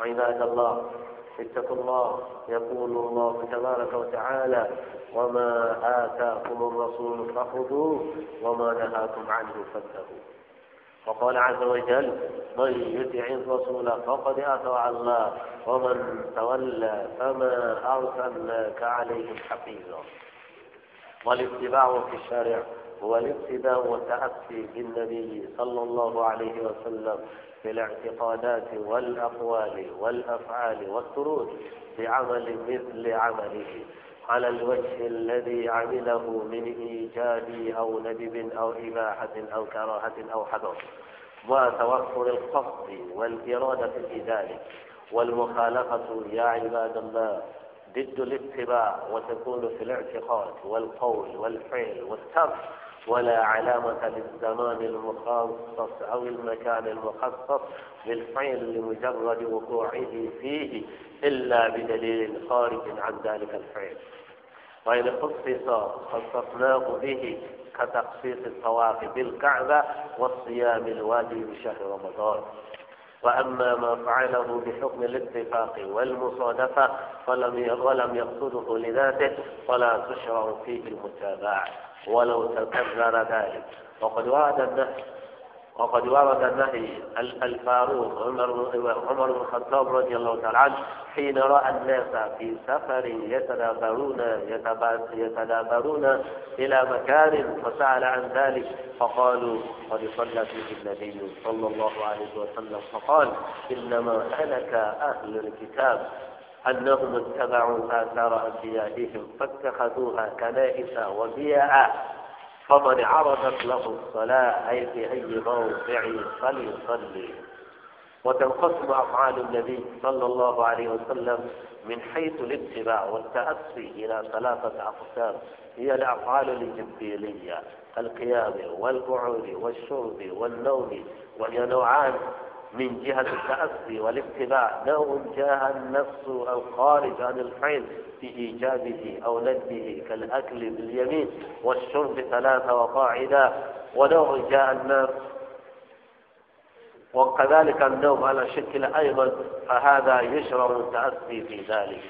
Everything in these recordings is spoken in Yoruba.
عباد الله اتقوا الله يقول الله تبارك وتعالى وما آتاكم الرسول فخذوه وما نهاكم عنه فانتهوا وقال عز وجل من يطع الرسول فقد اطاع الله ومن تولى فما ارسلناك عليهم حفيظا والاتباع في الشارع هو الاقتداء والتاسي بالنبي صلى الله عليه وسلم في الاعتقادات والأقوال والأفعال والسرور بعمل مثل عمله على الوجه الذي عمله من إيجاب أو ندب أو إباحة أو كراهة أو حذر وتوفر القصد والإرادة في ذلك والمخالفة يا عباد الله ضد الاتباع وتكون في الاعتقاد والقول والفعل والترك ولا علامة للزمان المخصص أو المكان المخصص للفعل لمجرد وقوعه فيه إلا بدليل خارج عن ذلك الفعل وإن خصص خصصناه به كتخصيص الطواف بالكعبة والصيام الواجب بشهر رمضان وأما ما فعله بحكم الاتفاق والمصادفة فلم ولم يقصده لذاته فلا تشرع فيه المتابعة ولو تكرر ذلك وقد ورد النهي وقد ورد النهي الفاروق عمر عمر بن الخطاب رضي الله تعالى عنه حين راى الناس في سفر يتدابرون يتدابرون الى مكان فسال عن ذلك فقالوا قد صلى فيه النبي صلى الله عليه وسلم فقال انما هلك اهل الكتاب أنهم اتبعوا آثار أنبيائهم فاتخذوها كنائس وبيئا فمن عرضت له الصلاة أي في أي موضع فليصلي وتنقسم أفعال النبي صلى الله عليه وسلم من حيث الاتباع والتأسي إلى ثلاثة أقسام هي الأفعال الجبيلية القيام والقعود والشرب والنوم وهي نوعان من جهة التأسي والاتباع لو جاه النفس الخارج عن الحين إيجابه أو نده كالأكل باليمين والشرب ثلاثة وقاعدة ولو جاء النفس وكذلك النوم على شكل أيضا فهذا يشرع التأسي في ذلك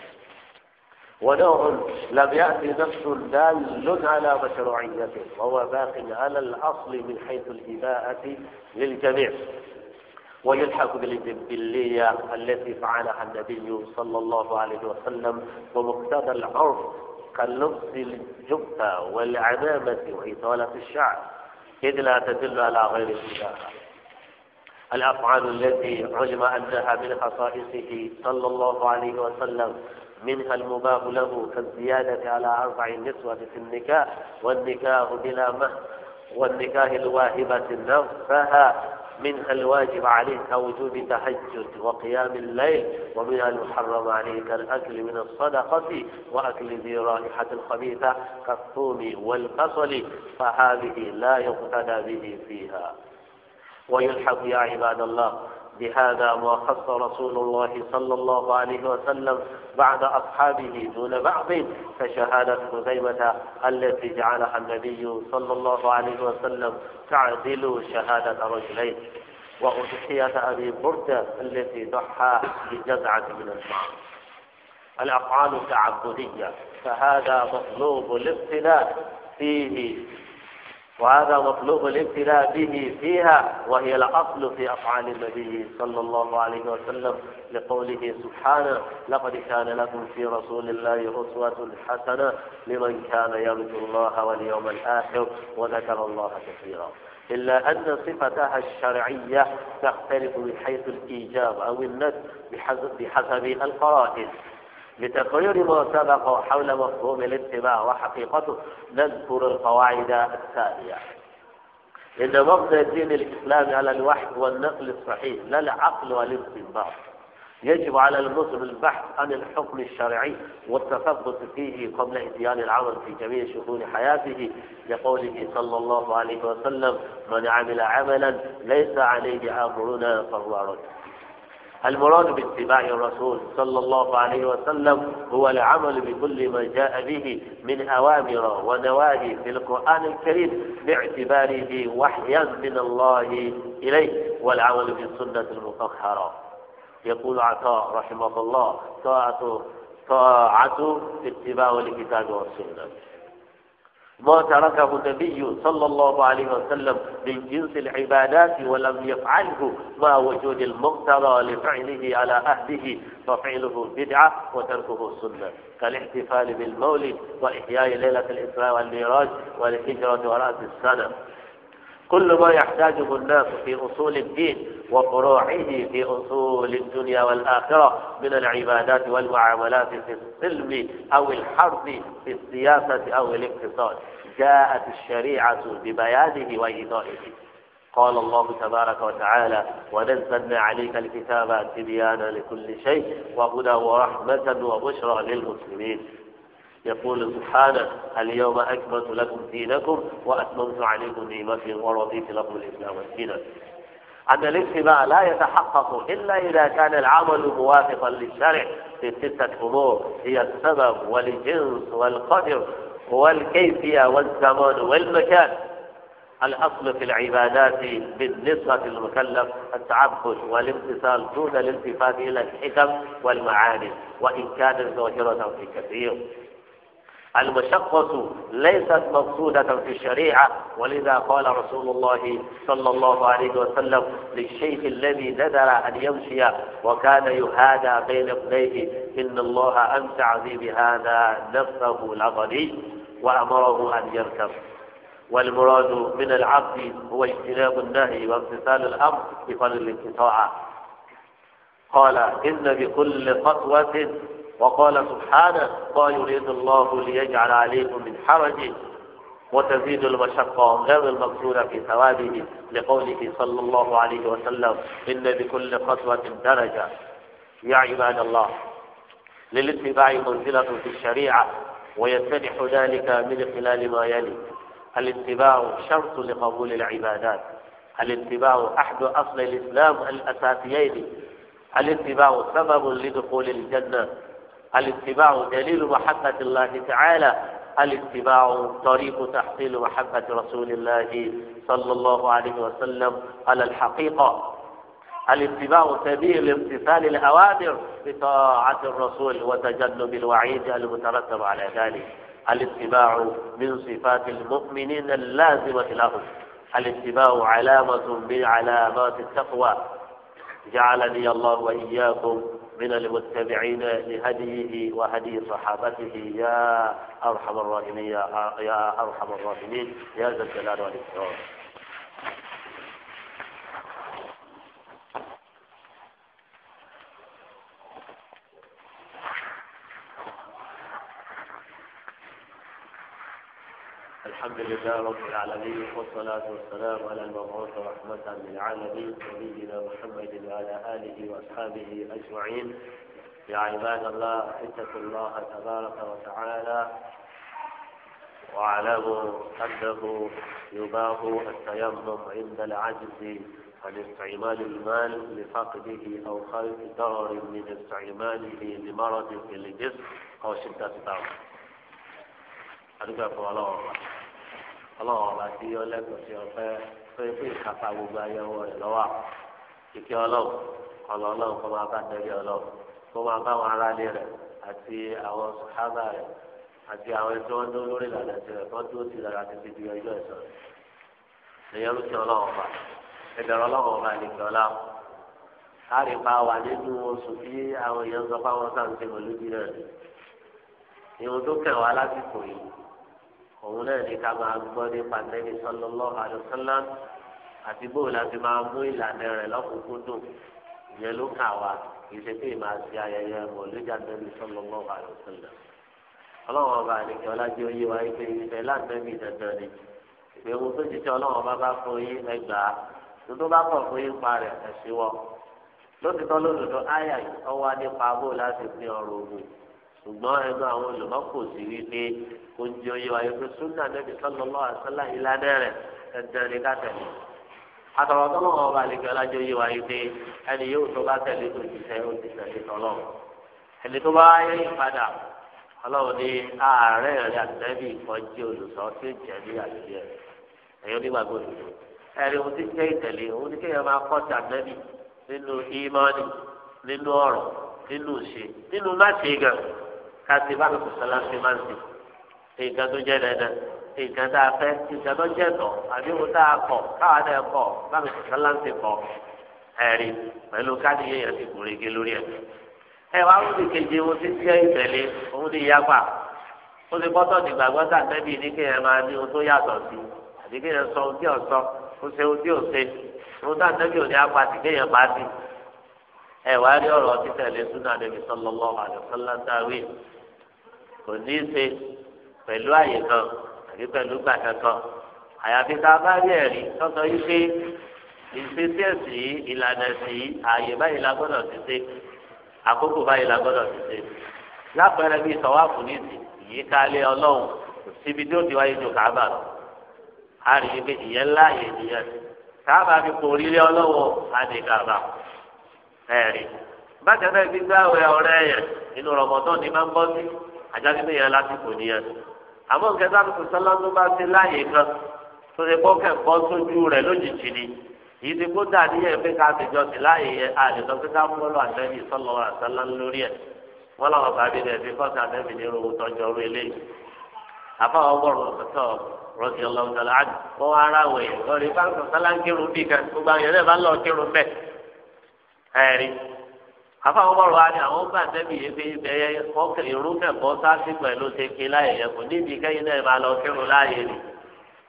ونوع لم يأتي نفس دال على مشروعيته وهو باق على الأصل من حيث الإباءة للجميع ويلحق بالذبلية التي فعلها النبي صلى الله عليه وسلم ومقتضى العرف كلبس الجبة والعمامة وإطالة الشعر إذ لا تدل على غير الإباحة الأفعال التي علم أنها من خصائصه صلى الله عليه وسلم منها المباح له كالزيادة على أربع نسوة في النكاح والنكاح بلا مهر والنكاح الواهبة نفسها منها الواجب عليه كوجوب تهجد وقيام الليل ومنها المحرم عليه كالأكل من الصدقة وأكل ذي رائحة خبيثة كالثوم والبصل فهذه لا يقتدى به فيها ويلحق يا عباد الله بهذا ما خص رسول الله صلى الله عليه وسلم بعد أصحابه دون بعض فشهادة خزيمة التي جعلها النبي صلى الله عليه وسلم تعدل شهادة رجلين وأضحية أبي بردة التي ضحى بجزعة من الماء الأفعال التعبدية فهذا مطلوب الابتلاء فيه وهذا مطلوب الابتلاء به فيها وهي الأصل في أفعال النبي صلى الله عليه وسلم لقوله سبحانه لقد كان لكم في رسول الله أسوة حسنة لمن كان يرجو الله واليوم الآخر وذكر الله كثيرا إلا أن صفتها الشرعية تختلف من حيث الإيجاب أو الند بحسب القرائن لتقرير ما سبق حول مفهوم الاتباع وحقيقته نذكر القواعد التالية إن مبدأ دين الإسلام على الوحي والنقل الصحيح لا العقل والاستنباط يجب على المسلم البحث عن الحكم الشرعي والتثبت فيه قبل اتيان العمل في جميع شؤون حياته لقوله صلى الله عليه وسلم من عمل عملا ليس عليه امرنا فهو رد المراد باتباع الرسول صلى الله عليه وسلم هو العمل بكل ما جاء به من أوامر ونواهي في القرآن الكريم باعتباره وحيا من الله إليه والعمل بالسنة المطهرة يقول عطاء رحمه الله طاعة طاعة اتباع الكتاب والسنة ما تركه النبي صلى الله عليه وسلم من جنس العبادات ولم يفعله مع وجود المقتضى لفعله على أهله ففعله بدعة وتركه سنة كالاحتفال بالمولد وإحياء ليلة الإسراء والميراج والهجرة وراء السنة كل ما يحتاجه الناس في أصول الدين وفروعه في أصول الدنيا والآخرة من العبادات والمعاملات في السلم أو الحرب في السياسة أو الاقتصاد جاءت الشريعة ببيانه وإيضائه قال الله تبارك وتعالى ونزلنا عليك الكتاب تبيانا لكل شيء وهدى ورحمة وبشرى للمسلمين يقول سبحانه اليوم أكملت لكم دينكم وأتممت عليكم نعمتي ورضيت لكم الإسلام دينا أن الاجتماع لا يتحقق إلا إذا كان العمل موافقا للشرع في ستة أمور هي السبب والجنس والقدر والكيفية والزمان والمكان الأصل في العبادات بالنسبة للمكلف التعبد والامتثال دون الالتفات إلى الحكم والمعاني وإن كانت ظاهرة في كثير المشقة ليست مقصودة في الشريعة ولذا قال رسول الله صلى الله عليه وسلم للشيخ الذي نذر أن يمشي وكان يهادى بين ابنيه إن الله أمتع بي بهذا نفسه لغني وأمره أن يركب والمراد من العبد هو اجتناب النهي وامتثال الأمر بفضل الانقطاع قال إن بكل خطوة وقال سبحانه ما يريد الله ليجعل عليكم من حرج وتزيد المشقة غير المقصودة في ثوابه لقوله صلى الله عليه وسلم إن بكل خطوة درجة يا عباد الله للاتباع منزلة في الشريعة ويتضح ذلك من خلال ما يلي الاتباع شرط لقبول العبادات الاتباع أحد أصل الإسلام الأساسيين الاتباع سبب لدخول الجنة الاتباع دليل محبة الله تعالى الاتباع طريق تحصيل محبة رسول الله صلى الله عليه وسلم على الحقيقة الاتباع سبيل امتثال الأوامر بطاعة الرسول وتجنب الوعيد المترتب على ذلك الاتباع من صفات المؤمنين اللازمة لهم الاتباع علامة من علامات التقوى جعلني الله وإياكم من المتبعين لهديه وهدي صحابته يا أرحم الراحمين يا أرحم الراحمين يا ذا الجلال والإكرام الحمد لله رب العالمين والصلاة والسلام على المبعوث رحمة للعالمين نبينا محمد وعلى آله وأصحابه أجمعين يا عباد الله اتقوا الله تبارك وتعالى واعلموا أنه يباه التيمم عند العجز عن استعمال المال لفقده أو خلق ضرر من استعماله لمرض في الجسم أو شدة ضرر àdúgbò ẹ̀fọ́ ọlọ́wọ́ ọba ọlọ́wọ́ ọba tí ọlẹ́kùn sí ọ̀fẹ́ pé pé ìkápá gbogbo ayẹwo rẹ̀ lọ́wọ́ kíkẹ́ ọlọ́wọ́ kọlọ ọlọ́wọ́ kọ́ máa bá tẹ̀lé ọlọ́wọ́ kó máa bá wọn aráalé rẹ̀ àti àwọn sàhábà rẹ̀ àti àwọn ẹni tí wọ́n dún lórí ìlànà tirẹ̀ tó dúró ti lára títí di ọjọ́ ẹ̀sọ́ rẹ̀ lèyàn ló ti ọlọ́wọ́ ọba ẹ̀dẹ̀rọ ọlọ́wọ́ ọba nìkan ọlá káàrí pa wà nínú oṣù tí àwọn èèyàn sọ fáwọn sáà ń ṣe pẹ̀lú bí náà ìhun tó kẹ̀ wá lásìkò yìí òun náà ní ká máa gbọ́ nípa Ànábì sallallahu alaihi wasallam àti bóun láti máa mú ìlànà rẹ̀ lọ́kùnkúndùn ìyẹn ló kà wá ìṣe pé màá ṣe ayẹyẹ mọ̀lẹ́jà Ànábì sallallahu alaihi wasallam. ọlọ́run ọba àdìgẹ ọlájú oyé wa ipe ìfẹ́ láǹdẹ́bí dandan ni ìpè ohun tó jíjẹ́ ọlọ́run ọba bá fún yín ẹgbàá tuntun bá pọ̀ fún yín pa rẹ̀ ẹ̀sìn wọ lótìtọ́ lódodo ṣùgbọ́n ẹgbẹ́ àwọn olùkọ́ kò sí wípé kò ń jẹ oyè wáyé pé súnà nẹ́bí sallallahu alaihi wasallam ìlànà rẹ̀ ẹ̀dẹ̀ ní ká tẹ̀lé. àtọ̀rọ̀ tọ́lọ́ wọn bá àlejò ọlájọ oyè wáyé pé ẹni yóò tó bá tẹ̀lé tó ti sẹ́ ó ti tẹ̀lé tọ́lọ́. ẹni tó bá yẹ ìpadà ọlọ́run ní ààrẹ rẹ̀ àtẹ́bí ìkọjí olùsọ tí ó jẹ́ ní àlejò rẹ̀ ẹ̀yọ́ nígbàgbọ́ òdodo. ẹ̀rí ohun nínú ọ̀rọ̀ nínú ìṣe nínú máṣe gan-an kasi bá lóko sọlá ṣe máa ń sè nǹkan tó jẹ dandan nǹkan tá a fẹ́ nǹkan tó jẹ tọ àbí wo tá a kọ káwa náà kọ bá lóko sọlá ń sè kọ ẹrí pẹ̀lú káàdì yẹn yẹn ti kù rege lórí ẹ. ẹ wá wọ́n ti kejì wọ́n ti jẹ́ ìtẹ̀lé òun ti yapa ó ti gbọ́tọ̀ nígbàgbọ́ tá a tẹ́bi ní kéèyàn máa ní ohun tó yàtọ̀ sí àbí kéèyàn sọ ohun tí ò sọ ó ṣe ohun tí ò ṣe ohun tá a tẹ́bi ò apá sí kéèyàn pa sí. ẹ wá rí ọ̀rọ̀ títẹ̀lé súnà níbi sọ́lọ́lọ́ àdùsọ́lá dáwé kò ní í ṣe pẹ̀lú àyè kan àbí pẹ̀lú gbàgbà kan àyàfi tá a bá rí ẹ̀rí tọ́tọ́ yìí pé ìṣesí ẹ̀sìn yìí ìlànà ẹ̀sìn yìí àyè báyìí la gbọ́dọ̀ ti ṣe àkókò báyìí la gbọ́dọ̀ ti ṣe lápẹẹrẹ bíi sọ̀wáàfù níìsì yìí kálé ọlọ́run síbi tí ó ti wáyé ju kàábà lọ a rí i pé ìyẹn ńlá àyè nìyẹn kàábà fi kò rí lé ọlọ́wọ́ àdè kàábà ẹ̀rí bákan náà ọ̀rẹ́ ọ̀rẹ́ yẹn rọ̀mọ́tọ́ ni máa ń bọ́ sí àjáde pé yẹn lásìkò nìyẹn àmọ́ nǹkan sábà kò sọ́lá tó bá ti láàyè kan tó ti kọ́ kẹ̀ bọ́ sójú rẹ̀ lójijì ni yìí ti kó dà níyẹn pé ká ti jọ sí láàyè yẹn àlè sọ pé ká fọ́lọ́ àtẹ́bí sọ́lọ́ àtẹ́lá lórí ẹ̀ wọ́n làwọn bàbí rẹ̀ fi kọ́sí àtẹ́bí ní irun tọ́jú ọrú eléyìí àfáwọn ọgbọ́n tó rọ́ọ̀sì ọlọ́ọ̀tàlá wọn ara wẹ̀ lọ́ọ̀rì bá ń sọ sálá ń kírun bí kan gbogbo afa wọn bọrọ wa ni àwọn gbà sẹbi yìí fi bẹyẹ ọkẹ irú kẹkọ sáàsì pẹ̀lú ṣèké láyé yẹn kò níbi kẹyìn náà máa lọ kírun láàyè ni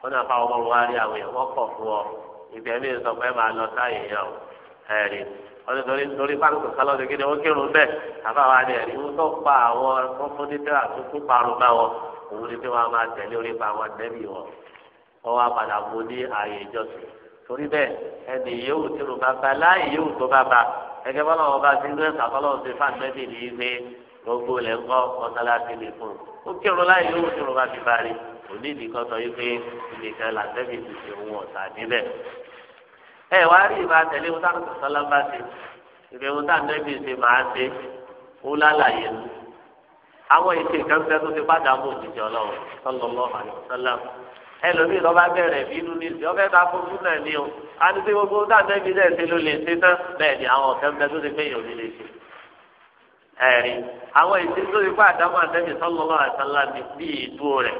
wọn náà fa wọn bọrọ wa ni àwọn èèyàn kọ fún ọ ìbẹ mi sọ pé máa lọ sáàyè yẹn o ẹrí wọn ní torí torí fáńkì kálọ ní kíni wọn kírun bẹ́ẹ̀ afa wa ni ẹrí wọn tó pa àwọn fúnfún ní tẹ́lá tó parun bá wọn òun ni pé wọn máa tẹ̀lé orí pa àwọn tẹ́lẹ̀ wọn wọn wá padà mú ní ààyè ìjọsìn torí bẹ́ẹ̀ ẹnì yòówù tí mo bá ba láì yòówù tó bá ba ẹgẹ bọ́lá wọn bá ti ń gbẹ́sà bọ́lá wọn ti fáwọn ẹbí ní ilé gbogbo lẹ̀ ń kọ́ mọ́sálásí lè fún un ó kírun láì yòówù tí mo bá fi ba rí òní ìdíkọ́ sọ yìí pé ìdíkọ́ làtẹ́bí ti ṣe òun ọ̀tà níbẹ̀. ẹ wá rí ìbá tẹ̀lé wọn táwọn sọ̀tọ́ lábá ṣe ìbẹ̀ wọn táwọn ẹbí ṣe máa ṣe ó lálàyé lu àwọn ìṣe ìkànnì ẹlòmíì lọ́ba bẹ̀rẹ̀ bínú ní ìsìn ọ̀fẹ́ ta fún súnà ni o a ní sí gbogbo dáadáa ibi dẹ̀ ṣe ló lè ṣe tán bẹ́ẹ̀ ni àwọn ọ̀kẹ́ mbẹ tó ti pé yòó lè ṣe. ẹ̀rí àwọn ìsìn tó ti kó àdámọ́ àtẹ́bí sọ́lọ́lọ́ àtàlà ní bí ìdúró rẹ̀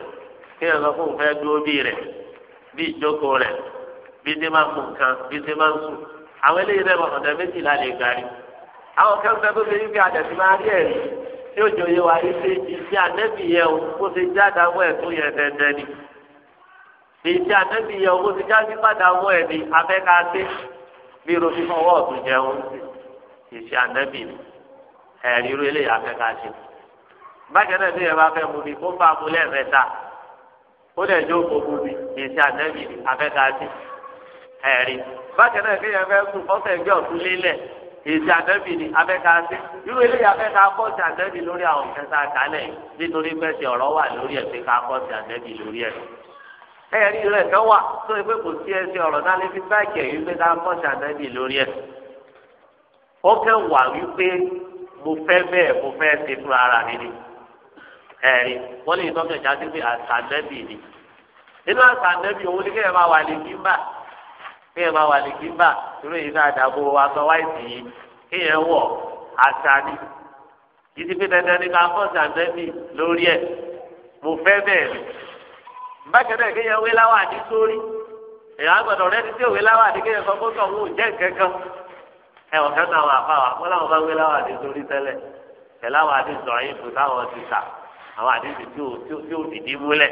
kí ẹ̀ lọ fún un fẹ́ dúró bí rẹ̀ bí ìjókòó rẹ̀ bí ṣe máa mú nǹkan bí ṣe máa ń sùn àwọn eléyìí rẹ̀ ọ̀dẹ̀ ìṣe àtẹ́bí yẹ owó ti jáde padà wọ ẹ̀mí afẹ́kàṣe bí irun fífọ́ ọwọ́ ọ̀tún jẹun ìṣe àtẹ́bí ẹ̀rí irú eléyìí afẹ́kàṣe. bákẹ́ náà ní ẹ̀rọ afẹ́ mu ni kó bá mu lẹ́ẹ̀mẹ́ta ó lẹ̀ jó gbogbo mi ìṣe àtẹ́bí afẹ́kàṣe ẹ̀rí. bákẹ́ náà ní ẹ̀rọ ẹ̀kún ọ̀sẹ̀ gbé ọ̀tún lélẹ̀ ìṣe àtẹ́bí ni afẹ́kàṣe irú eléyìí afẹ́kàṣe àtẹ́bí lórí àwọn ẹ̀rí rẹ̀ kan wà tó yẹ pé kò sí ẹsẹ̀ ọ̀rọ̀ náà lè fi báàkì ẹ̀ wípé ká mọ̀ ṣàtẹ́bì lórí ẹ̀. ó kẹ́ wà wípé mo fẹ́ bẹ́ẹ̀ mo fẹ́ ṣe fún ara mi ni. ẹ̀rí wọ́n lè tọ́jú ìjà sí pé àṣàtẹ́bì ni. nínú àṣàtẹ́bì òun ni kéèyàn máa wà ní kíńbà kéèyàn máa wà ní kíńbà irú èyí náà dàbò aṣọ wáìtì yìí kéèyàn wọ̀ àṣà ni. yìí fi dandan ní ká mọ̀ ṣàtẹ́bì lórí ẹ̀ mo fẹ́ bẹ́ẹ̀ bákan náà kéèyàn wé láwà ní sórí èèyàn àgbàdo rẹ ti dé òwe láwà ní kéèyàn sọ fún sọ̀hún òjẹ́ kankan ẹ wọ́n kẹ́kọ̀ọ́ àwọn àfa wọ́n láwọn bá wé láwà ní sórí tẹ́lẹ̀ ẹ láwà ní sọ̀yìn fún táwọn ti tà àwọn àdéhùn tí tí ò dìdí múlẹ̀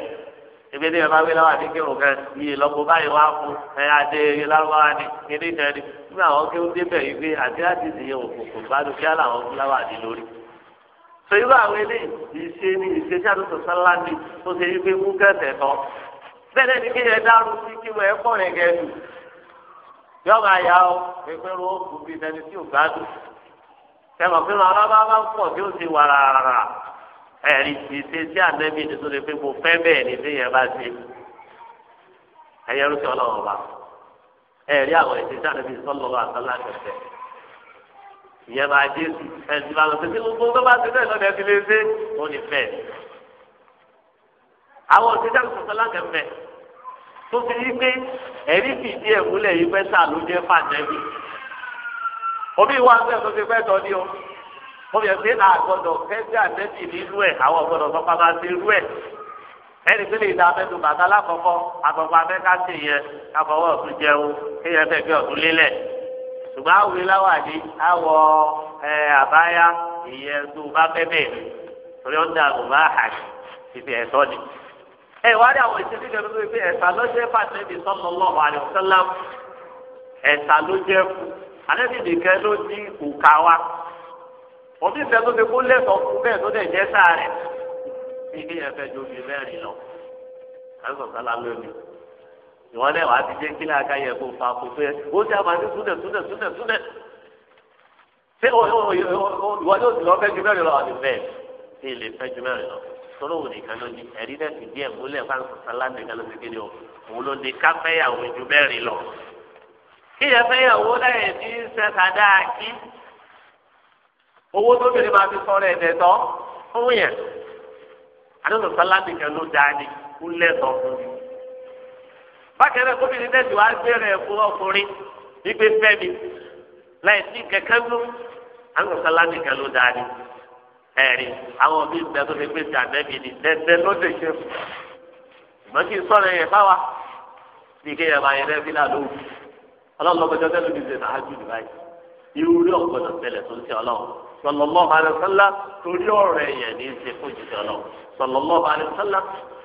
ebi ní ìyàbá wí láwà ní kéwòn kan iye lọ́gbọ́n báyìí wá fún ẹ adé lárúbáwá ni kíní ní lórí sọ irú àwọn eléyìí ìṣe ni ìṣe tí a tó sọ̀tàn ńlá ni tó ṣe wípé mú gẹ̀ẹ́sẹ̀ tán bẹ́ẹ̀ ni kí ẹ dárú sí kí wọ́n ẹ pọ̀ rẹ̀ gẹ̀ẹ́sù yọ̀ọ̀gá ya ọ pépé ro kù bí ẹni tí ò gbádùn tẹmọ̀ pé wọn bá bá pọ̀ tí ó ti wà rárá ẹ̀rí ìṣe tí ànẹ́bí ni tó lè pé mo fẹ́ bẹ́ẹ̀ ni bí yẹn bá ṣe ẹ̀yẹ́rú sí ọlọ́run ọba ẹ̀rí àwọn ìṣe tí ànẹ́bí sọ́lọ́ọ̀ àtàlà ìyẹn máa dé ẹsìn máa lọ sí kí gbogbo tó bá ti bẹ́ẹ̀ lọ́dẹ ti lè ṣe ó ní fẹ́. àwọn òṣìṣẹ́ tuntun láti mẹ́ tó fi yí pé ẹ̀rí fìdí ẹ̀ múlẹ̀ yìí fẹ́ sà ló jẹ́ fàtẹ́bí. omi ìwà ń bẹ̀ tó ti fẹ́ tọ́ ni o. mo yẹ pé àgọ́dọ̀ kẹ́sì àtẹ́bí nínú ẹ̀ àwọn ọ̀gbọ́dọ̀ sọ pàmò àti irú ẹ̀. ẹnì pé lè da abẹ́tò bàtà lákọ̀ọ́kọ́ àgbọ̀gbọ̀ abẹ́ká sì yẹn ṣùgbọ́n àwòrán láwàdí àwọ̀ àbáyá ìyẹn tó bá fẹ́ bẹ́ẹ̀ torí ó ń dà bò bá hà títí ẹ̀tọ́ ni. ẹ wá dé àwọn ìṣẹ́jú kan tó fi ẹ̀sà ló jẹ́ fàtẹ́bí sallallahu alaihi wasallam ẹ̀sà ló jẹ́ fún alẹ́bìbì kan ló di òkà wa. òbí ìfẹ́ tó fi kó lẹ́sọ̀ fún bẹ́ẹ̀ tó dẹ̀ jẹ́ sáà rẹ̀ bí ilé ẹ̀fẹ́ ju mẹ́rin lọ. àìsàn ìwọ́n náà wàá ti jẹ́ kílẹ̀ akáyẹ̀ kó fa kó fẹ́ ó ti àmà ní súnẹ̀ súnẹ̀ súnẹ̀ súnẹ̀ ṣé ìwọ yóò ti lọ fẹ́ ju mẹ́rin lọ àti bẹ́ẹ̀ tí ilé fẹ́ ju mẹ́rin lọ tọ́lọ́ wò nìkan ló ní ẹ̀rí náà ti díẹ̀ múlẹ̀ fún àkọsálá nìkan ló ti kéde o òun ló ní ká fẹ́yàwó ju mẹ́rin lọ. kíyẹ kí owó tóbi máa fi sọ̀rọ̀ ẹ̀dẹ̀tọ́ fún yẹn àdókòsálá nìkan ló dáa ní kúlẹ̀ tọ́ bákan náà gómìnà tẹ̀sí wàá gbére ẹ̀fọ́ ọkùnrin wípé fẹ́mi láì sí kẹ̀kẹ́ mú àwọn sọlá nìkan ló dáa ni ẹ̀rí àwọn bíi ìgbà tó fi pé ti ànẹ́bí ni dẹ́dẹ́ ló lè ṣe fún ìmọ̀ kí n sọ̀rọ̀ yẹn fáwa bí kéèyàn máa yẹ lẹ́bí náà lóhùn ọlọ́lọ́gbẹ́jọ́ tẹ́lẹ̀ mi ṣe náà á jù báyìí irú rí ọ̀gbọ́dọ̀ tẹ́lẹ̀ tó ń ṣe ọlọ́run sọlọ́lọ́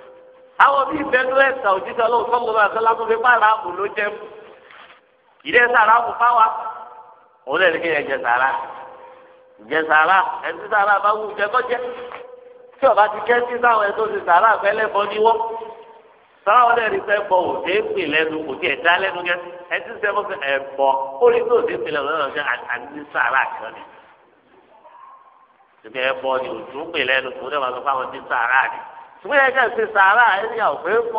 àwọn bíi bẹnu ẹsẹ òjíṣẹ́ Ọlọ́run sọlọ bá ẹsẹ lábọ fipá aráàmù ló jẹ mú ìdẹsẹ aráàmù fáwa òun lè ní ẹjẹ sàrà ìjẹ sàrà ẹsẹ sàrà bá wù jẹ kọjẹ tí ọba ti kẹ sí sáwọn ẹsẹ òsì sàrà fẹlẹbọ níwọ sàrà wọn lè rí sẹ bọ òde pè lẹ́nu kò tí ẹ dá ẹsẹ sẹ bọ fẹ ẹ bọ tó òde pè lẹ́nu lọ́nà àti sàrà kan ni ìgbẹ́ ẹ ni òtún pè lẹ́nu kò wà lọ fáwọn ti sàrà ni. ṣùgbọ́n yẹn kàn ṣe kó kó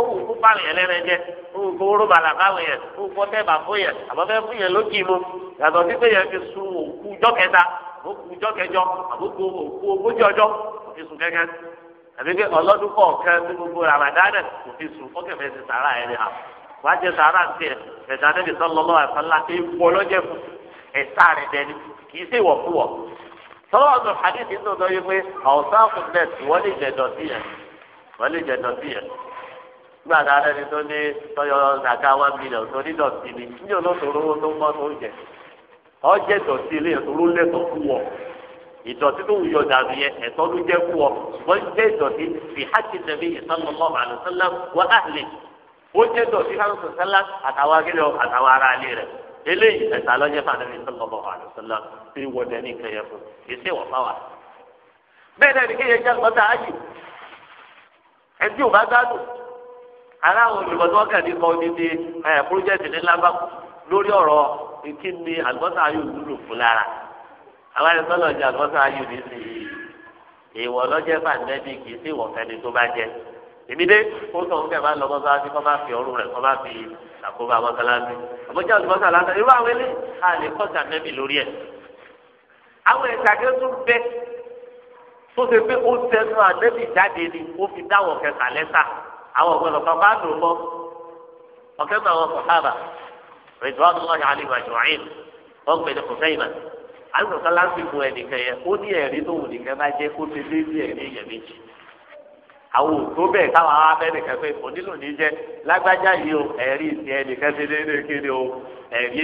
mu pé fi sun òkú jọ́kẹta òkú jọ́kẹjọ àbókù òkú ogójì ọjọ́ òfi sun kẹ́kẹ́ àbí pé ọlọ́dún kọ̀ọ̀kan ní gbogbo ramadana òfi sun fọ́kẹ̀fẹ́ ṣe sàárà yẹn e ni àwọn wàá jẹ sàárà tiẹ̀ ẹ̀dá níbi sọ́lọ́lọ́ àfọlá kí wọ́n lọ́jẹ̀ fún fún wọ́n lè jẹ dọ̀tí yẹn nígbà tá a lẹ́ni tó ní tọ́yọ zaka one million tó ní dọ̀tí ni ní olóṣòro owó tó ń bọ́ tó ń jẹ ọjẹ dọ̀tí ilé ìṣòro lẹ́tọ̀ fún wọ ìdọ̀tí tó wù yọ dànù yẹn ẹ̀tọ́ ló jẹ́ fún ọ wọ́n jẹ́ ìdọ̀tí fi hàjì nàbí sallallahu alaihi wasallam wa ahli ó jẹ́ dọ̀tí ẹtí ò bá gbádùn ara àwọn olùkọ́ tí wọ́n kàn ní kọ́ níbi pírójẹ́tì ní lábá lórí ọ̀rọ̀ kí ni àlùbọ́sà ayò wúlò fún lára àwọn ẹni tó lọ jẹ àlùbọ́sà ayò nísìnyí ìwọ lọ́jẹ́ pàǹdẹ́mì kì í sí ìwọ̀ fẹ́ni tó bá jẹ èmi dé ó sọ fún kẹfà lọ mọ́sálásí kọ́ máa fi ọrùn rẹ̀ kọ́ máa fi àkóbá mọ́sálásí àbújá olùmọ́sá lásán irú tó ṣe pé ó tẹnu ànẹ́bì jáde ni ó fi dáwọ̀ kẹta lẹ́sà àwọn ọ̀gbọ́n ọ̀kan bá dùn mọ́ ọ̀kẹ́ mọ àwọn sọ̀hábà rẹ̀dùwọ́n lọ́wọ́ ní alẹ́ ìwàjọ́ àyìn wọ́n pè ní kùsẹ́yìnà alùpùpù kan láti fún ẹnìkan yẹn ó ní ẹ̀rí tó wù nìkan bá jẹ́ kó ti lé sí ẹ̀rí yẹn méjì àwọn òtó bẹ́ẹ̀ káwọn àwọn pé kò nílò ní jẹ́ lágbájá yìí o ẹ̀rí ti ẹnìkan ti ní kéde o ẹ̀rí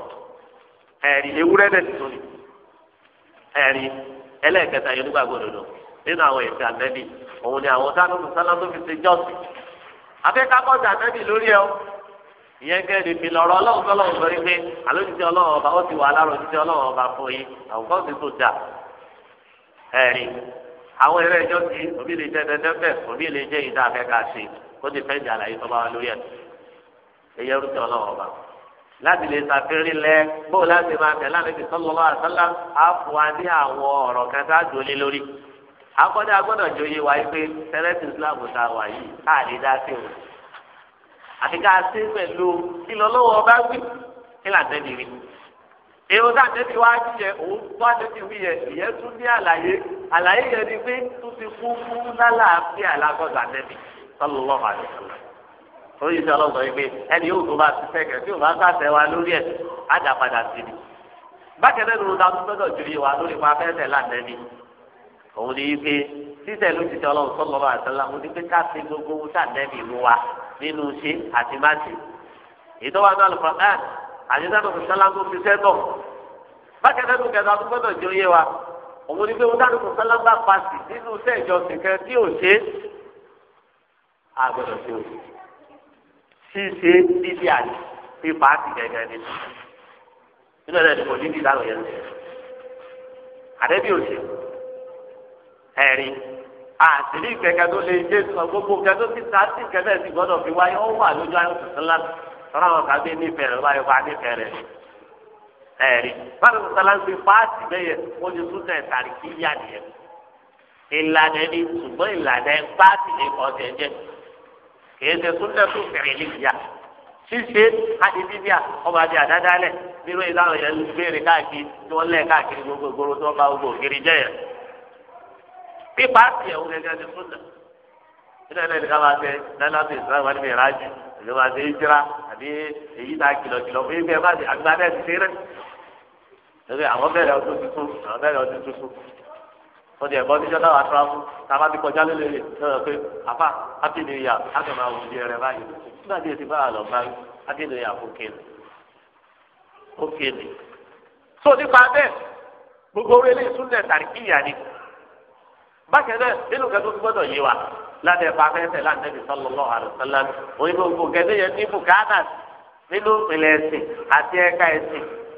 ẹ̀rí ewúrẹ́ náà ti tóni ẹ̀rí ẹlẹ́ẹ̀kẹta yẹn nígbà gbọdọdọ nínú àwọn ètò àtẹ́bí òun ni àwọn dáná musálá tó fi ṣe jọ́sìn akẹ́kọ̀ọ́ àtẹ́bí lórí ẹ̀ ìyẹn kẹ́rin mi lọ́rọ̀ ọlọ́run tọ́lọ́run sọ wípé ọlọ́run ọba ó ti wà ọlọ́run ọba fún yín tó dà ẹ̀rí àwọn ẹjọ́ ti òbí lè jẹ́ òbí lè jẹ́ ìdá kó ti fẹ́ jà láti lè ṣàfihàn lẹ bóò láti máa tẹ̀ láti fi sallallahu alaihi wasallam àfùwà ní àwọn ọ̀rọ̀ kan tá a jòlé lórí. akọ́dé agbọ́dọ̀ jòyè wá yí pé tẹ́lẹ̀tì islam ta wà yìí káàdé dá sí o. àti ká sí pẹ̀lú ìlọlọ́wọ́ ọba gbé kí làtẹ́bí rí. èrò tàtẹ́bí wá jíjẹ òun tó àtẹ́bí wí yẹ ìyẹn tún ní àlàyé àlàyé yẹn ni pé tún ti kú fún lálàáfíà lágọ́dọ̀ orí ìṣe ọlọ́gbọ̀n yìí pé ẹni yóò tó bá ti sẹ́kẹ̀ tí òun bá sàtẹ̀ wa lórí ẹ̀ á dà padà sí ni. bákẹ́ lẹ́nu ló dáa gbọ́dọ̀ ju yìí wa lórí pa afẹ́fẹ́ lànàmí. òun ni pé sísẹ̀ ló ti ṣe ọlọ́run sọ́lọ́ bá àtẹ́lá mo ní pé ká ṣe gbogbo sànàmí mu wa nínú ṣe àti má ṣe. ìtọ́wá náà lọ́kọ̀ ẹ̀ àyẹ̀dá tó fi sọ́lá tó fi sẹ́tọ̀. bákẹ́ lẹ́nu kẹta tó gbọ́dọ̀ ju yìí ṣíṣe bíbí àti pípa àti gẹ́gẹ́ ni nínú ẹ̀rọ ìdìbò níbi ìdáhùn yẹn lẹ̀ àdébí òsè ẹ̀rí àtìrí kẹ̀kẹ́ tó lè dé sọ gbogbo kẹ̀kẹ́ tó ti sáà sí kẹ̀kẹ́ sì gbọ́dọ̀ fi wáyé ó wà lójú ayé òṣìṣẹ́ ńlá tọ́lá wọn kà dé nífẹ̀ẹ́ rẹ̀ wáyé wá nífẹ̀ẹ́ rẹ̀ ẹ̀rí báwo ló sọ láti fi páàtì bẹ́yẹ ó ti súnà ìtàrí kí yá nìyẹn ìlànà ẹni ṣùgbọ́n ìlànà kìí ṣe súnlẹ̀ tó fẹ̀rẹ̀ ní ìyá ṣíṣe adìbíbíà ọba àti àdádálẹ̀ nínú ìlànà yẹn ń béèrè káàkiri tí wọ́n lẹ̀ káàkiri gbogbo ìgboro tí wọ́n bá gbogbo ògiri jẹ́ yẹn. pípa tiẹ̀ ń gẹ́gẹ́ ní súnlẹ̀ ilé ẹlẹ́ni ká máa ṣe lẹ́lọ́sì ìsìláàmù wà níbi ìrájì ìlú máa ṣe ìjìra àbí èyí tá a kìlọ̀kìlọ̀ fún ibi ẹ̀ má ṣe àgbàdo ẹ̀ ti ṣeré. lórí àwọn bẹ̀rẹ̀ ọdún tuntun àwọn bẹ̀rẹ̀ ọdún tuntun wọ́n ti ẹ̀gbọ́n níjọ́ náà àtúrámù tàbá ti kọjá lélẹ̀ rẹ̀ sọ̀rọ̀ pé àfà happy new year láti máa wù díẹ̀ rẹ̀ báyìí nígbà tí èsì báyà lọ báyìí happy new year fún kéènì fún kéènì. so nípa bẹ́ẹ̀ gbogbo orí ilé ìtúndẹ̀ tàríkìyà ni bákẹ́ náà nínú kẹ́tù gbọ́dọ̀ yé wa láti ẹ̀fà afẹ́fẹ́ láti ẹ̀fì sọ́lọ́lọ́ àlùsálàmù òyìnbó gbogbo kẹ́tù yẹn ní bùkátà nínú ìpìlẹ̀ ẹ̀sìn àti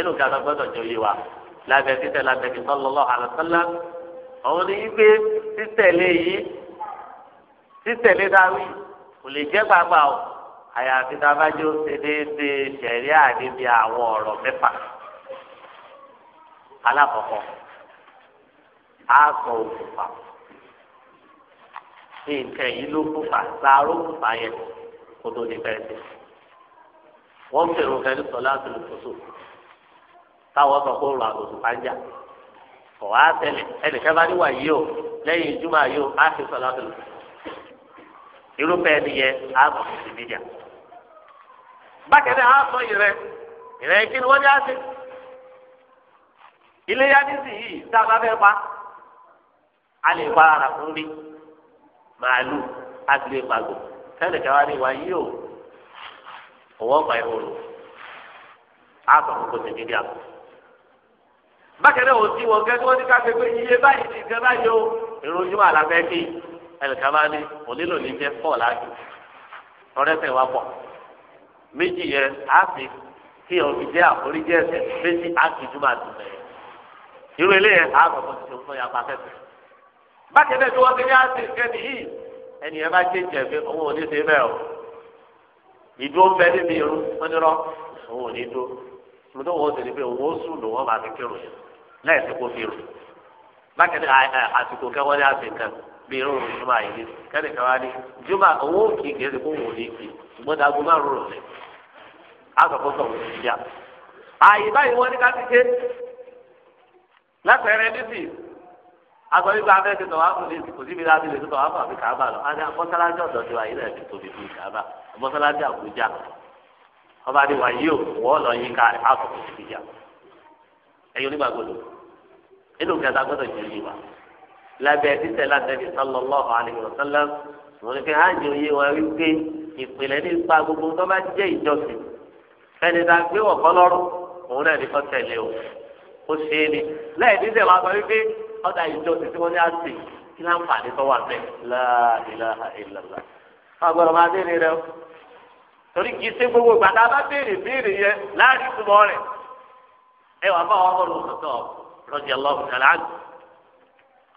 nínú kí a gbọ́dọ̀ jọ yé wa lábẹ́ títẹ̀ lábẹ́ kí sallallahu alaihi wasallam àwọn ní gbé títẹ̀lé yìí títẹ̀lé dáwì kò lè jẹ́ gbàgbà o àyàfi tá a bá jó ṣe déédéé ṣẹ̀rí àdébí àwọn ọ̀rọ̀ mẹ́fà alákọ̀ọ́kọ́ á sọ òkùnfà nǹkan yìí ló kúfà sàárò kúfà yẹn kó tó di bẹ́ẹ̀ sí wọ́n fèrò kẹ́lí sọ láti lè fòṣù táwọn sọ pé òrùn àgùntàn máa ń jà kọ̀ wá tẹ̀lé ẹnìkan bá níwà yìí o lẹ́yìn ìjùmọ̀ yìí o á fi sọ̀lá tó lù irúfẹ́ ẹni yẹn á sọ sí bíjà bákẹ́tẹ̀ á sọ ìrẹ ìrẹ kí ni wọ́n já sí iléyà nísìnyìí tá a bá fẹ́ pa a lè pa ara fún mi màálù a ti lè pàgò ẹnìkan bá níwà yìí o òwò ọ̀pá ìhòòhò á sọ fún kò sí bíjà bákan náà òsì wọn gẹ́gẹ́ wọ́n ti ká pé iye báyìí ti gẹ́ báyìí o ìròyìn wà lábẹ́ kí ẹnìkan bá ní onílò ní jẹ́ pọ̀ láti ọ̀rẹ́sẹ̀ wa pọ̀ méjì yẹn á fi kí omi jẹ́ àforíjẹ́ ẹsẹ̀ méjì á fi júmọ̀ àdùnnà yẹn irú ilé yẹn á sọ̀tọ̀ ti fún ya pàkẹ́tì bákan náà tí wọ́n ti ní á sì kẹ́ni yìí ẹnì yẹn bá jẹ́ jẹ̀bi owó oníṣe bẹ́ẹ̀ o ìdúró ń bẹ níbi irú ò ní dúró mo tó wọ́n láì sí kó fi rò bákan àsìkò kẹwọ́n ní àsìkò bí irú ìjọba yìí izu wá ní ìjọba owó kì í ṣe kó wò ní ìpè ṣùgbọ́n dagun máa rò rẹ̀ àgbàkọ́sọ̀ wò ó yá. ààyè báyìí wọ́n ní ká ti ké látẹ̀rẹ̀ nísì agbọ̀n yìí bá tọ̀wá fún mi kò láti lè tọ̀wá fún lọ. a ní ọ̀dọ́ ti wà yìí tóbi fún àbújá ọba nínú kẹta gbọ́dọ̀ jẹ yìí wa lábẹ́ títẹ látẹbi sallallahu alayhi wa sallam wọn ni pé hajj oyè wa wípé ìpìlẹ̀ ní ipa gbogbo tó bá jẹ ìjọsìn ẹni tá a gbé wọ kọlọrọ òun náà ní kọ tẹ́lẹ̀ o ó ṣe é ní lẹ́yìn títẹ wa sọ wípé ọdà ìjọsìn tí wọn ní á sè kí láǹfààní tó wà bẹ́ẹ̀ la ilaha illallah agbọ́dọ̀ máa béèrè rẹ o torí kìí ṣe gbogbo gbàdá bá béèrè béèrè yẹ láàrin ìtumọ̀ rẹ ẹ wà bá wọn kọ rọ́jì aláwọ̀ tẹ̀lé àgbẹ̀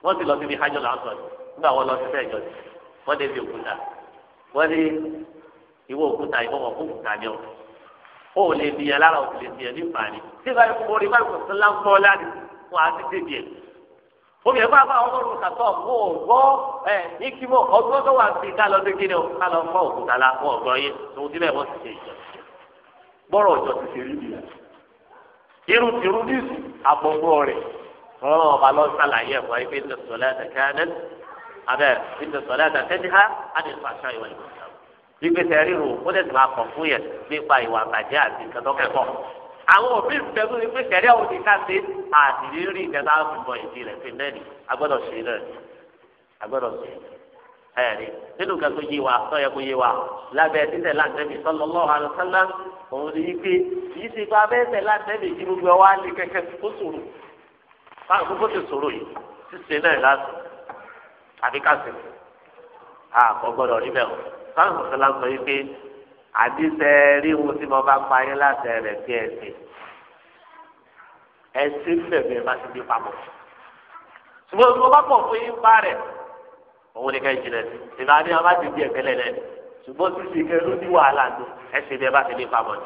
wọ́n ti lọ síbi hajj làásọ̀ nígbà wọn lọ síbẹ̀ ìjọ wọ́n débi òkúta wọ́n ní ìwọ òkúta ìwọ òkúta ni ọ ó lè di ẹ lára òkú lè di ẹ nípa ni tí ìgbà yẹn kúkú rí báyìí kò sí láńkọ́ láti fún àti débi ẹ̀ omi ẹ̀fọ́ àbá àwọn ọlọ́run kàtọ́ mú ò gbọ́ ẹ̀ ní kí mọ́ ọdún tó wà sí ká lọ sí kíni o ká lọ fọ́ òkúta la fún ọ̀gbọ́n yẹn tòun ti ṣe ìjọ gbọ́rọ̀ ṣe rí irú tìrú dísù àgbọ̀ngbò rẹ̀ ọlọ́run ọba lọ sàlàyé ẹ̀fọ́ ibi ní sọ̀lá ẹ̀dẹ̀kẹ́ abẹ́ ibi sọ̀lá ẹ̀dẹ̀kẹ́ ha á ní fàṣà ìwà ìwà ìgbésẹ̀ ríru ó lè tún akọ̀ fún yẹn nípa ìwà àbàjẹ́ àti ìkẹ́tọ́kẹ́kọ̀ọ́ àwọn òbí ìfẹ́tún ní pé sẹ̀rí àwọn ti ká sí àtìrírí ìkẹta àfihàn ìdí rẹ̀ fi náà ni agbọ́dọ̀ ṣe náà ni agbọ́dọ̀ ṣe ẹ̀rí nínú nǹkan yé wa tó yẹ kó yé wa lábẹ́ títẹ̀ láǹtẹ́bí sallallahu alaihi wasallam òun ni yí pé yìí ti gba abẹ́sẹ̀ látẹ́bí kí gbogbo ọwọ́ á lé kẹ́kẹ́ kó sòrò báwo gbogbo ti sòrò yìí ṣíṣe náà láti àbí kásì àkọ́ gbọ́dọ̀ níbẹ̀ o báwo kò sọ́lá sọ yí pé àdìsẹ́ ríhun tí mo bá pa yín láti rẹ̀ bí ẹ̀sìn ẹ̀sìn bẹ̀bẹ̀ bá ti di pamọ́ ṣùgbọ́n mo bá pọ̀ fún yín bá rẹ̀ òun ni ká ìjìnlẹ̀ sí ìgbà ni wọ́n bá ti di ẹ̀kẹ́lẹ̀ ṣùgbọ́n sísè kẹ ló ní wàhálà tó ẹsẹ̀ bẹ́ẹ̀ bá ti ní pamọ́ ni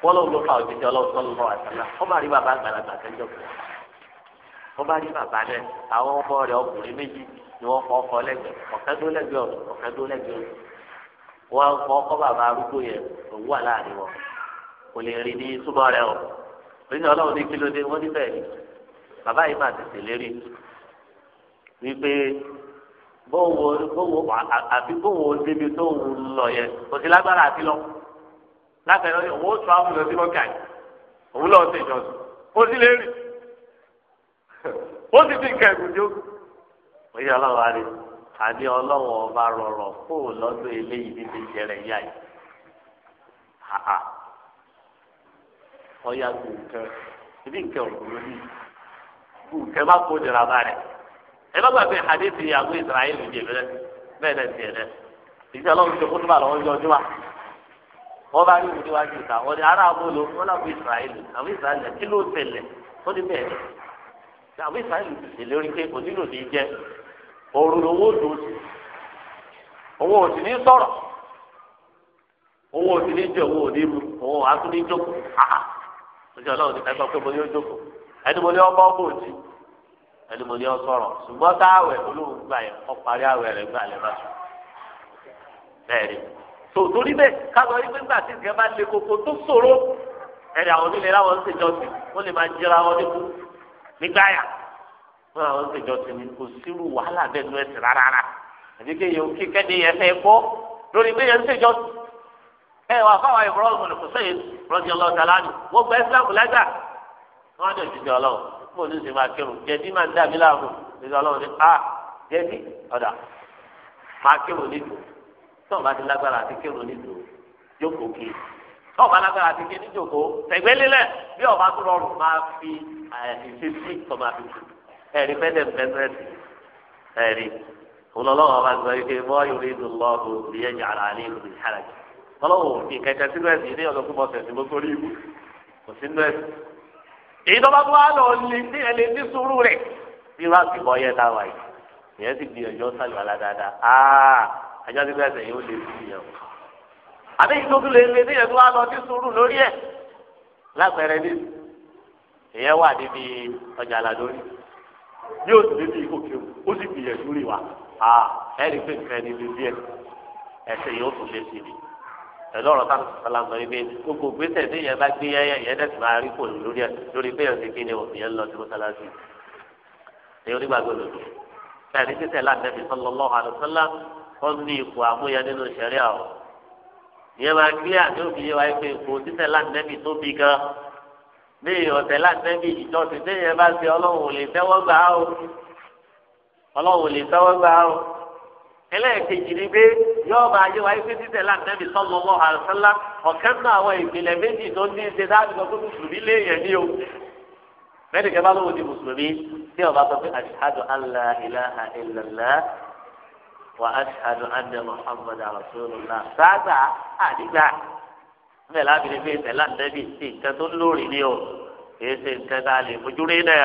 fọlọ́ ló fa òjijì ọlọ́run tó lọ́wọ́ àtàlà ó máa rí bàbá àgbàlagbà kẹjọ kù ó bá rí bàbá rẹ àwọn ọmọ rẹ ọkùnrin méjì ni wọ́n fọ́ ọkọ lẹ́gbẹ̀ẹ́ ọ̀kẹ́dó lẹ́gbẹ̀ẹ́ ọ̀tún ọ̀kẹ́dó lẹ́gbẹ̀ẹ́ ọ̀tún wọ́n fọ́ ọkọ bàbá arúgbó yẹn òwú wà láàrin wọn kò lè rí ní súnmọ́ rẹ o oníṣẹ́ ọlọ́run ní kílódé wọ́n ní bẹ́ẹ̀ ni bàbá yìí máa tètè lérí wípé bówo bówo àfi bówo débi tó ń lọ yẹn kò sí lágbára àti lọ látàrí ọyọ owó tó àwọn ọmọ sí lọkà yìí òun lọ sí ìjọsìn ó sì lè rìn ó sì fi nǹkan ẹ̀gùn jó. oyè ọlọ́wọ́ àrè àní ọlọ́wọ́ ọba rọrọ̀ kó o lọ́dọ̀ eléyìí níbi ìjẹrẹ yá yìí haha ọyà kù nǹkan ibi nǹkan òkú lónìí má kó jẹrà bá rẹ̀. ẹ má gbàgbé hadithi ìyàwó israẹli jẹbẹrẹ bẹ́ẹ̀ náà tiẹ̀ dẹ ìṣe Ọlọ́run ṣe kúndùmá lọ ọjọ́ wa wọn bá yóò di wájú ìta wọn ni ará abúlé wọn làwọn israẹli àwọn israẹli kí ló tẹ́lẹ̀ wọn ni bẹ́ẹ̀ àwọn israẹli ti ṣe lórí pé onílò ní jẹ òòrùn owó dùn sí owó òsì ní sọ̀rọ̀ owó òsì ní jẹ owó òní mu owó àtúndínjókòó àhà ìṣe ti ká pé mo ní ẹni mo ní ọ ẹni mo ní ọ sọ̀rọ̀ ṣùgbọ́n tá àwẹ̀ olóhùn gbà yẹn kọ́ parí àwẹ̀ rẹ̀ gbà lẹ́ bá sùn bẹ́ẹ̀ ni tò torí bẹ́ẹ̀ kájọ yìí pé nígbà tí ìgbẹ́ bá le koko tó ṣòro ẹ̀rẹ̀ àwọn onílé láwọn ń ṣèjọsìn wọ́n lè máa jẹ́ra wọn níkú nígbà yà wọ́n làwọn ń ṣèjọsìn ní kò sírù wàhálà bẹ́ẹ̀ nú ẹ̀sìn rárá rà àti kí yẹn kí kẹ́ni yẹn fẹ́ gbọ́ lórí pé yẹn ń ṣèjọsìn ẹ wà fáwọn ìfọwọ́sọ̀rọ̀ kò sẹ́yìn rọ́jì ọlọ́ọ̀tà lánàá wọ́n gba ẹ́sìlámù lágbà wọ́n á dẹ̀ jíjẹ ọlọ́run fún òní sì máa kírun máa ń dàbí láàmú nígbà ọlọ́run ní a ah, jẹ̀bi ọ̀dà máa kírun nídùú tó o bá ti lágbára àti kírun nídùú jókòó kí tó o bá lágbára àti kí níjókòó tẹ̀gbẹ́lélẹ̀ bí o tó rọrùn máa fi eh, ìfísí tó máa fi tù ẹ̀rí fẹ́lẹ̀ bẹ́tẹ̀rẹ̀tì ẹ̀rí olólọ́wọ́ bá gbọ́ ike bọ́ yorùbá lọ́ọ̀bù ìyẹn yàrá ní ìlú ìhàlàjì ọlọ́wọ́ ìkẹtẹ sínú ẹ̀sìn ní ọ̀dọ́kùnbọ̀sẹ̀ sí gbogbo rí kò sínú ẹ̀sìn. èyí tó bá tó wá lọ lè ní ẹ lè ní sùúrù rẹ bí wàá sì bọ yẹn táwa yìí ìyẹn sì di ẹjọ́ sàlù ala dáadáa aa ajá ti bẹsẹ yóò lè sí yẹn o àbí èyí tó tún lè lè ní ẹ tó wá lọ ní sùúrù lórí ẹ lápẹẹrẹ ní ìyẹn wà níbi ọjà àlàdórí ní oṣù níbi ìkókè ó sì gbìyànjú rí wa aa ẹ pé nǹkan ẹni lè bí ẹ ẹsẹ yóò tún lè sí mi pẹ̀lú ọ̀rọ̀ táwọn sọ̀rọ̀ mọ̀ ibi gbogbo gbèsè tí yẹn bá gbé yẹn yẹn dẹ̀ sì máa rí kò lórí ẹ̀ lórí pé ọ̀sìn kí ni òfin yẹn lọ sí mọ́sálásí ní onígbàgbọ́ lòdì ẹ̀rí títẹ̀ látẹ̀bí sallallahu alaihi wasallam wọ́n ní ipò àmúyẹ nínú ṣẹ̀ríà o ìyẹn máa gbé àti òbí yẹn wáyé pé ipò títẹ̀ látẹ̀bí tó bí gan ní ọ̀tẹ̀ látẹ̀bí ìjọsìn tí yẹn bá ṣe ọlọ́run ò lè tẹ́wọ́ gbà á o ọlọ́run ò lè tẹ́wọ́ gbà á o ẹlẹ́ẹ̀kejì ni pé yóò máa yé wa ife títẹ̀ láǹdẹ́bí sọ́lọ́mọ́ àlùfẹ́lá ọ̀kẹ́ náà àwọn ìpìlẹ̀ méjì tó ní ṣe dáàbì lọ fún mùsùlùmí léèyàn ní o mẹ́rin kẹ́ bá lóun di mùsùlùmí tí ọba sọ pé ashhadu an la ilaha illallah wa ashhadu anna muhammadan rasulullah sáàtà àdìgbà bẹ́ẹ̀ lábìrin pé tẹ̀láǹdẹ́bí sí nǹkan tó lórí ni o kì í ṣe nǹkan tá a lè fojú rí náà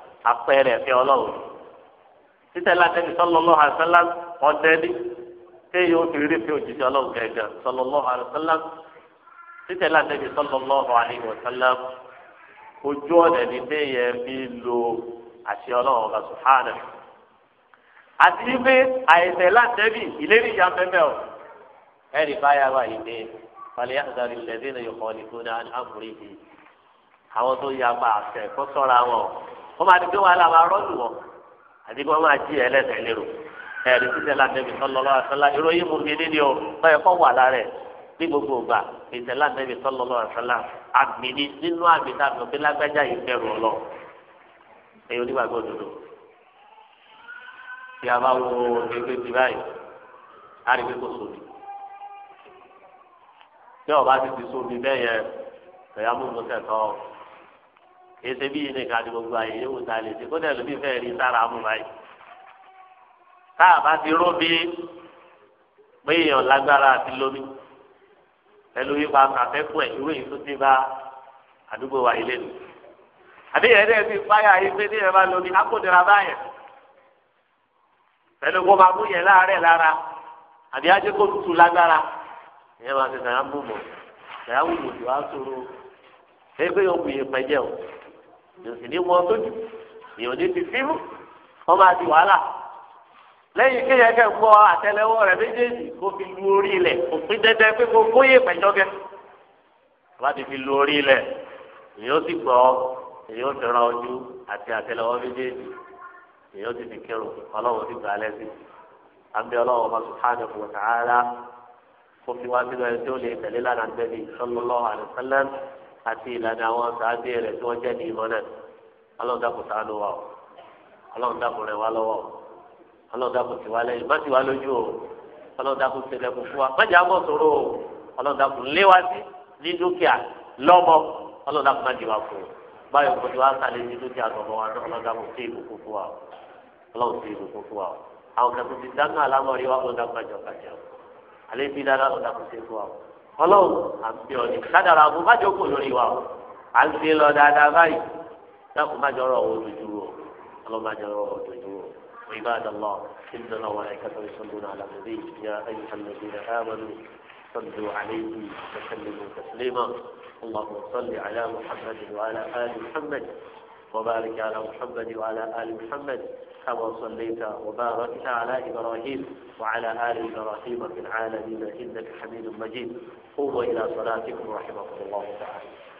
àpẹẹrẹ ẹ̀fẹ́ ọlọ́run títẹ̀ látẹ́ni sọlọ́lọ́ àṣálá ọ̀dẹ́ni téèyàn ó ti rí fi òjijì ọlọ́run gẹ̀gẹ̀ sọlọ́lọ́ àṣálá títẹ̀ látẹ́ni sọlọ́lọ́ àṣálá ojú ọ̀dẹ̀ ni téèyàn fi lo àṣẹ ọlọ́run ọba sùhánà àti wípé àìsẹ̀ látẹ́bì ìlérí ìyá mẹ́mẹ́ o ẹ̀rì báyà wà yìí pé falẹ̀ àdàrí lẹ́dínlẹ̀ yọ̀kọ́ ní kó náà àkùrẹ́ yìí àwọn tó yà pa àṣẹ kó sọ́ra wọn wọ́n máa di pé wàhálà máa rọ́ọ̀lù wọ̀ àti pé wọ́n máa jí ẹlẹ́sẹ̀ lérò ẹ̀rí títẹ̀ lánàbì sọlọ́lọ́ àṣọlá ìròyìn mú mi nílé o báyọ̀ kọ́ wà lárẹ̀ ní gbogbo ìgbà títẹ̀ lánàbì sọlọ́lọ́ àṣọlá àmì ní nínú àmì tá a mọ̀ pé lágbájá yìí fẹ́rù ọlọ́ ẹ̀yọ́ onígbàgbọ́ òdodo tí a bá wo ẹgbẹ́ ti báyìí a rí pé kò sóbi bẹ́ẹ̀ yẹn kẹ̀yà mú mọ́tẹ̀ tán èsè bí yìí nìkan àti gbogbo àyè yóò ta lè ṣe kódà lóbi fẹ́ẹ́ rí sára mú báyìí. tá a bá ti róbi pé èèyàn lágbára àti lómi pẹ̀lú yípa kàfẹ́kù ẹ̀ irú èyí tó ti bá àdúgbò wa ilé nù. àbí yẹn dẹ́ fi fáyà yìí pé níyẹn bá lómi akódìrà báyẹn pẹ̀lú kó máa mú yẹn láàárẹ̀ lára àbí ajé kó tutù lágbára ìyẹn máa fi sàyà mú mọ̀ sàyà wù mọ̀ tó wá sóró ẹgbẹ́ yóò wù yẹn pẹ́jẹ́ o yóò sì ní wọn sójú èèyàn ní ti fíìmù wọn máa di wàhálà lẹ́yìn kéèyàn kẹ gbọ́ àtẹ́lẹwọ́ rẹ̀ méjèèjì kó fi lu orí ilẹ̀ òfin dẹdẹ pé kó kóyè pẹjọ gẹ láti fi lu orí ilẹ̀ èèyàn sì gbọ́ èèyàn ti ra ojú àti àtẹ́lẹwọ́ méjèèjì èèyàn ti fi kírun Ọlọ́run ti gbà lẹsìn àbí Ọlọ́run ọmọ subhanahu wa ta'ala kó fi wá sínú ẹni tó lè tẹ̀lé lánàá gbẹbí sallallahu alaihi wasallam àti ìlànà àwọn sàádé rẹ̀ tí wọ́n jẹ́ ní ìmọ̀ náà ọlọ́run dàpọ̀ sàánú wa o ọlọ́run dàpọ̀ rẹ̀ wá lọ́wọ́ o ọlọ́run dàpọ̀ tì wá lẹ́yìn má tì wá lójú o ọlọ́run dàpọ̀ tẹ̀lẹ̀ kún fún wa má jẹ́ àmọ́ sòrò o ọlọ́run dàpọ̀ lé wá sí ní dúkìá lọ́mọ ọlọ́run dàpọ̀ má jẹ́ fún o báyọ̀ kò tí wá sàlẹ̀ ní dúkìá lọ́mọ wa ọlọ́run dàpọ̀ tẹ̀ ìbùkún fún wa o ọlọ́run tẹ̀ ìbùkún fún wa o àwọn kẹtù ti dáná alámọ̀rí ọlọ́run àbí ọ̀nì sádàrà àbú má jókòó lórí wa o à ń ṣe lọ dáadáa báyìí dákun má jọrọ ọ̀wọ́ dúdú o ọlọ́run má jọrọ ọ̀wọ́ dúdú o وعباد الله إن الله وملائكته يصلون على النبي يا أيها الذين آمنوا صلوا عليه وسلموا تسليما اللهم صل على محمد وعلى آل محمد وبارك على محمد وعلى آل محمد كما صليت وباركت على إبراهيم وعلى آل إبراهيم في العالمين إنك حميد مجيد قوموا إلى صلاتكم رحمكم الله تعالى